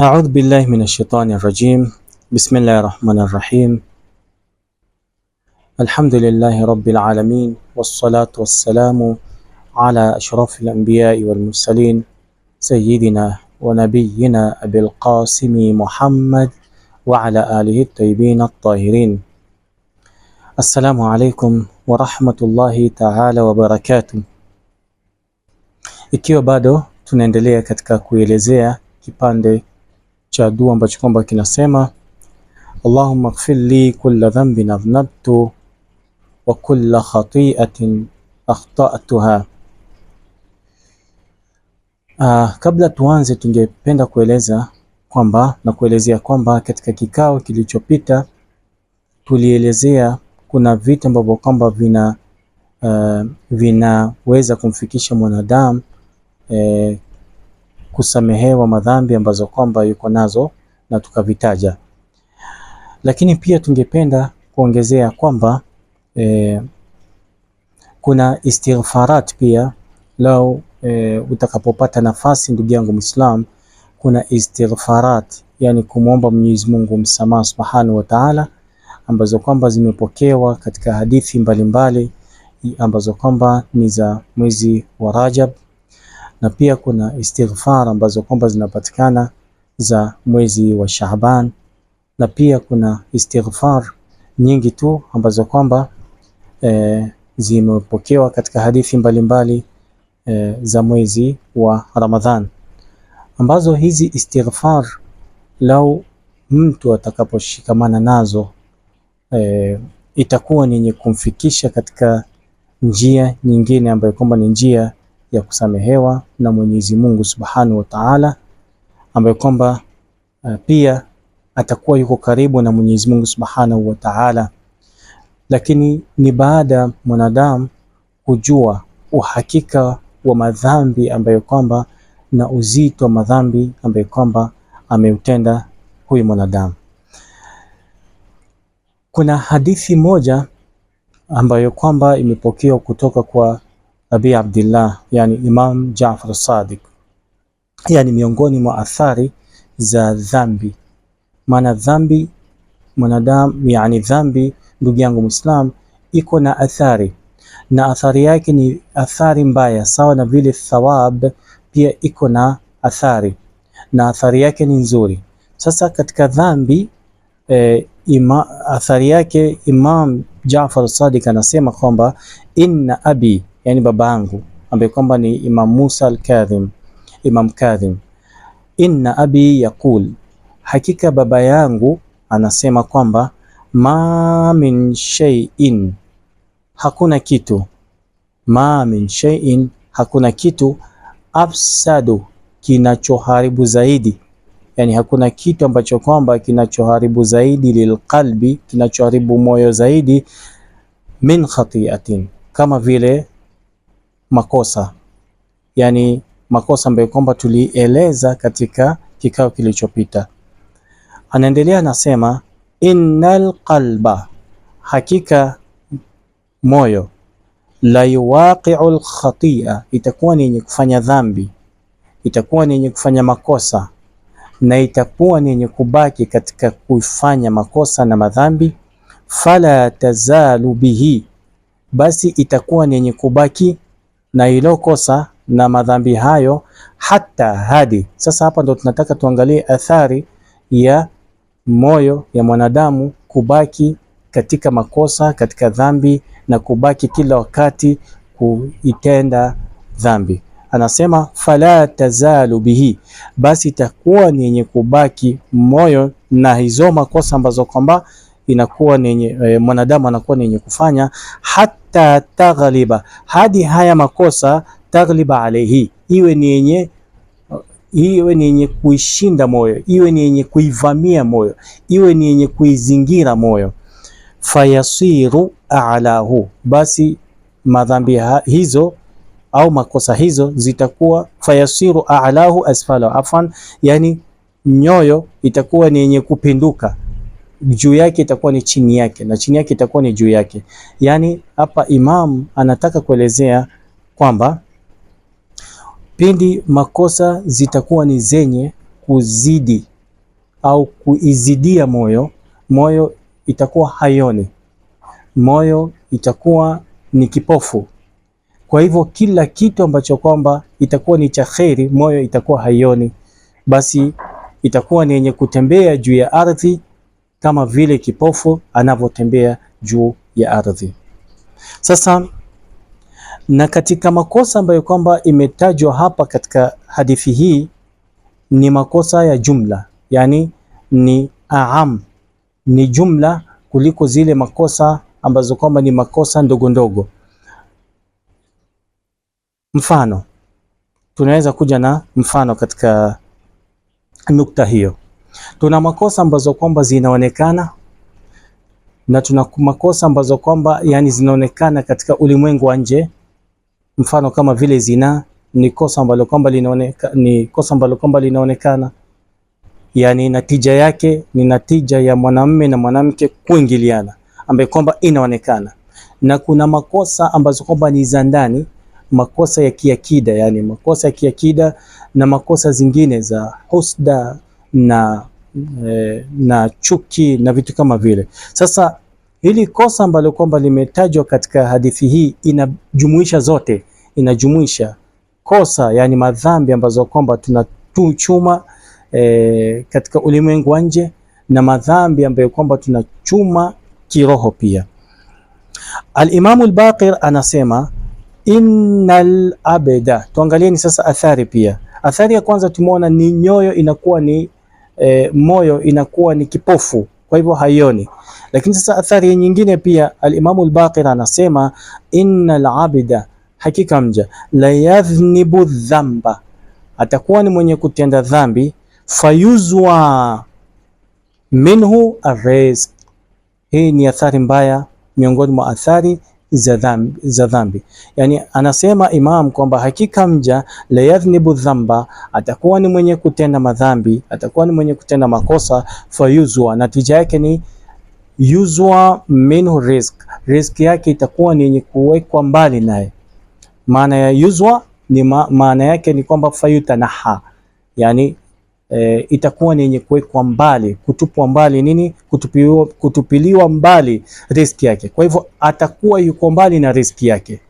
أعوذ بالله من الشيطان الرجيم بسم الله الرحمن الرحيم الحمد لله رب العالمين والصلاة والسلام على أشرف الأنبياء والمرسلين سيدنا ونبينا أبي القاسم محمد وعلى آله الطيبين الطاهرين السلام عليكم ورحمة الله تعالى وبركاته إكيو بادو تنندليا katika kuelezea cha dua ambacho kwamba kinasema Allahumma ighfir li kulla dhanbin adhnabtu wa kulla khati'atin akhta'tuha. Uh, kabla tuanze, tungependa kueleza kwamba na kuelezea kwamba katika kikao kilichopita tulielezea kuna vitu ambavyo kwamba vina uh, vinaweza kumfikisha mwanadamu uh, kusamehewa madhambi ambazo kwamba yuko nazo na tukavitaja, lakini pia tungependa kuongezea kwamba e, kuna istighfarat pia lau e, utakapopata nafasi ndugu yangu Muislam, kuna istighfarat yani kumwomba Mwenyezi Mungu msamaha Subhanahu wa Ta'ala, ambazo kwamba zimepokewa katika hadithi mbalimbali mbali, ambazo kwamba ni za mwezi wa Rajab na pia kuna istighfar ambazo kwamba zinapatikana za mwezi wa Shaaban, na pia kuna istighfar nyingi tu ambazo kwamba e, zimepokewa katika hadithi mbalimbali mbali, eh, e, za mwezi wa Ramadhan, ambazo hizi istighfar lau mtu atakaposhikamana nazo e, itakuwa ni yenye kumfikisha katika njia nyingine ambayo kwamba ni njia ya kusamehewa na Mwenyezi Mungu Subhanahu wa Ta'ala, ambayo kwamba eh, pia atakuwa yuko karibu na Mwenyezi Mungu Subhanahu wa Ta'ala, lakini ni baada ya mwanadamu kujua uhakika wa madhambi ambayo kwamba na uzito wa madhambi ambayo kwamba ameutenda huyu mwanadamu. Kuna hadithi moja ambayo kwamba imepokewa kutoka kwa Abi Abdillah, yani Imam Jaafar Sadiq. Yani miongoni mwa athari za dhambi, maana dhambi mwanadamu, yani dhambi, ndugu yangu Muislam, iko na athari na athari yake ni athari mbaya, sawa na vile thawab pia iko na athari na athari yake ni nzuri. Sasa katika dhambi e, ima, athari yake Imam Jaafar Sadiq anasema kwamba inna abi yani yangu ambaye kwamba ni Imam Musa al-Kadhim, Imam Kadhim, inna abi yaqul, hakika baba yangu anasema kwamba ma min shay'in, hakuna kitu, ma min shay'in, hakuna kitu afsadu, kinachoharibu zaidi yani hakuna kitu ambacho kwamba kinachoharibu zaidi lilqalbi, kinachoharibu moyo zaidi, min khati'atin, kama vile makosa, yaani makosa ambayo kwamba tulieleza katika kikao kilichopita. Anaendelea anasema, innal qalba, hakika moyo, la yuwaqi'u lkhatia, itakuwa ni yenye kufanya dhambi, itakuwa ni yenye kufanya makosa na itakuwa ni yenye kubaki katika kufanya makosa na madhambi. Fala tazalu bihi, basi itakuwa ni yenye kubaki na hilo kosa na madhambi hayo hata hadi sasa. Hapa ndo tunataka tuangalie athari ya moyo ya mwanadamu kubaki katika makosa, katika dhambi na kubaki kila wakati kuitenda dhambi. Anasema fala tazalu bihi, basi itakuwa ni yenye kubaki moyo na hizo makosa ambazo kwamba inakuwa ni e, mwanadamu anakuwa ni yenye kufanya hata taghliba, hadi haya makosa taghliba alaihi, iwe ni yenye iwe ni yenye kuishinda moyo, iwe ni yenye kuivamia moyo, iwe ni yenye kuizingira moyo. Fayasiru alahu, basi madhambi hizo au makosa hizo zitakuwa fayasiru alahu asfala afan, yani nyoyo itakuwa ni yenye kupinduka juu yake itakuwa ni chini yake na chini yake itakuwa ni juu yake. Yaani hapa Imam anataka kuelezea kwamba pindi makosa zitakuwa ni zenye kuzidi au kuizidia moyo, moyo itakuwa hayoni, moyo itakuwa ni kipofu. Kwa hivyo kila kitu ambacho kwamba itakuwa ni cha kheri, moyo itakuwa haioni, basi itakuwa ni yenye kutembea juu ya ardhi kama vile kipofu anavyotembea juu ya ardhi. Sasa na katika makosa ambayo kwamba imetajwa hapa katika hadithi hii ni makosa ya jumla, yani ni aam, ni jumla kuliko zile makosa ambazo kwamba ni makosa ndogo ndogo. Mfano, tunaweza kuja na mfano katika nukta hiyo. Tuna makosa ambazo kwamba zinaonekana na tuna makosa ambazo kwamba yani zinaonekana katika ulimwengu wa nje, mfano kama vile zinaa ni kosa ambalo kwamba linaonekana, ni kosa ambalo kwamba linaonekana, yani natija yake ni natija ya mwanamume na mwanamke kuingiliana, ambaye kwamba inaonekana, na kuna makosa ambazo kwamba ni za ndani, makosa ya kiakida, yani makosa ya kiakida na makosa zingine za husda na, e, na chuki na vitu kama vile. Sasa hili kosa ambalo kwamba limetajwa katika hadithi hii inajumuisha zote, inajumuisha kosa, yani madhambi ambazo kwamba tunatuchuma e, katika ulimwengu wa nje na madhambi ambayo kwamba tunachuma kiroho pia. Al-Imamu al-Baqir anasema innal abda. Tuangalieni sasa athari pia. Athari ya kwanza tumeona ni nyoyo inakuwa ni e, moyo inakuwa ni kipofu, kwa hivyo haioni. Lakini sasa athari nyingine pia al-Imamu al-Baqir anasema innal abida, hakika mja la yadhnibu dhamba, atakuwa ni mwenye kutenda dhambi, fayuzwa minhu arrez. Hii ni athari mbaya miongoni mwa athari za dhambi, za dhambi. Yani anasema Imam kwamba hakika mja la yadhnibu dhamba, atakuwa ni mwenye kutenda madhambi, atakuwa ni mwenye kutenda makosa. Fayuzwa, natija yake ni yuzwa minhu risk, risk yake itakuwa ni yenye kuwekwa mbali naye. Maana ya yuzwa ni ma, maana yake ni kwamba fayutanaha yani e, itakuwa ni yenye kuwekwa mbali, kutupwa mbali nini, kutupiliwa, kutupiliwa mbali riski yake. Kwa hivyo atakuwa yuko mbali na riski yake,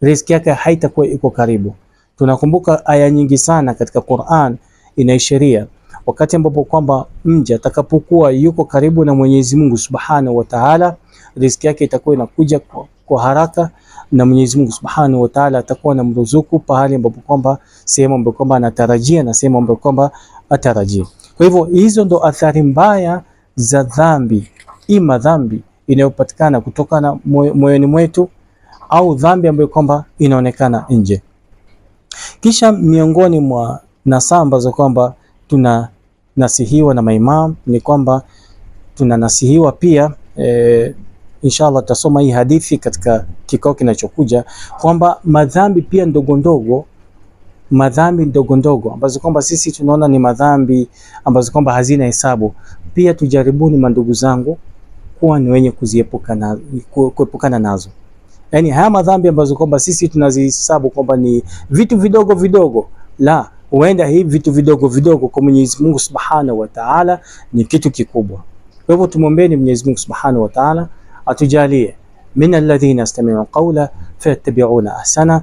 riski yake haitakuwa iko karibu. Tunakumbuka aya nyingi sana katika Qur'an ina sheria wakati ambapo kwamba mja atakapokuwa yuko karibu na Mwenyezi Mungu Subhanahu wa Ta'ala, riziki yake itakuwa inakuja kwa, kwa haraka na Mwenyezi Mungu Subhanahu wa Ta'ala atakuwa na mruzuku pahali ambapo kwamba sehemu ambapo kwamba anatarajia na sehemu ambapo kwamba atarajio. Kwa hivyo hizo ndo athari mbaya za dhambi, ima dhambi inayopatikana kutokana moyoni mwetu au dhambi ambayo kwamba inaonekana nje. Kisha miongoni mwa nasaha ambazo kwamba tunanasihiwa na maimamu ni kwamba tunanasihiwa pia e, inshallah tutasoma hii hadithi katika kikao kinachokuja kwamba madhambi pia ndogo ndogo madhambi ndogo ndogo ambazo kwamba sisi tunaona ni madhambi ambazo kwamba hazina hesabu. Pia tujaribuni, mandugu zangu, kuwa ni wenye kuziepukana kuepukana nazo, Yani haya madhambi ambazo kwamba sisi tunazihesabu kwamba ni vitu vidogo vidogo, la huenda hivi vitu vidogo vidogo kwa Mwenyezi Mungu Subhanahu wa Ta'ala ni kitu kikubwa. Kwa hivyo tumwombeeni Mwenyezi Mungu Subhanahu wa Ta'ala atujalie min alladhina yastami'una qawla fayattabi'una ahsana